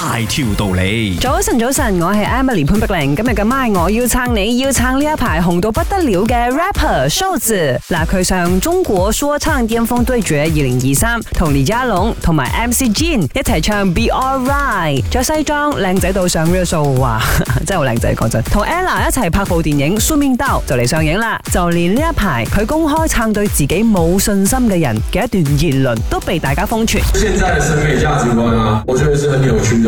大條道理，早晨早晨，我係 Emily 潘碧玲。今日嘅 MY 我要撐你，要撐呢一排紅到不得了嘅 rapper 瘦子。嗱，佢上中國說唱巔峰對決二零二三，同李佳隆同埋 MC Jin 一齊唱 Be Alright，着西裝靚仔到上 r 熱搜哇，呵呵真係好靚仔，講真的。同 Ella 一齊拍部電影《Swooning 梳面刀》就嚟上映啦。就連呢一排佢公開撐對自己冇信心嘅人嘅一段言論，都被大家瘋傳。現在嘅審美價值觀啊，我覺得係很扭曲。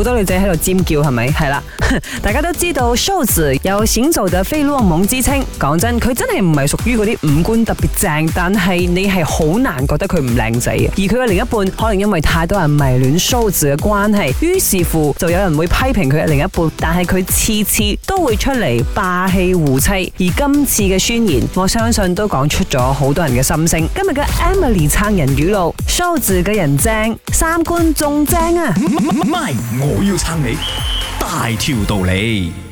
好多女仔喺度尖叫係咪？係啦，大家都知道，瘦子有鮮做嘅費洛蒙之稱。講真，佢真係唔係屬於嗰啲五官特別正，但係你係好難覺得佢唔靚仔。而佢嘅另一半可能因為太多人迷戀瘦子嘅關係，於是乎就有人會批評佢嘅另一半，但係佢次次都會出嚟霸氣護妻。而今次嘅宣言，我相信都講出咗好多人嘅心聲。今日嘅 Emily 撐人語錄，瘦子嘅人正，三觀仲正啊！我要撐你，大條道理。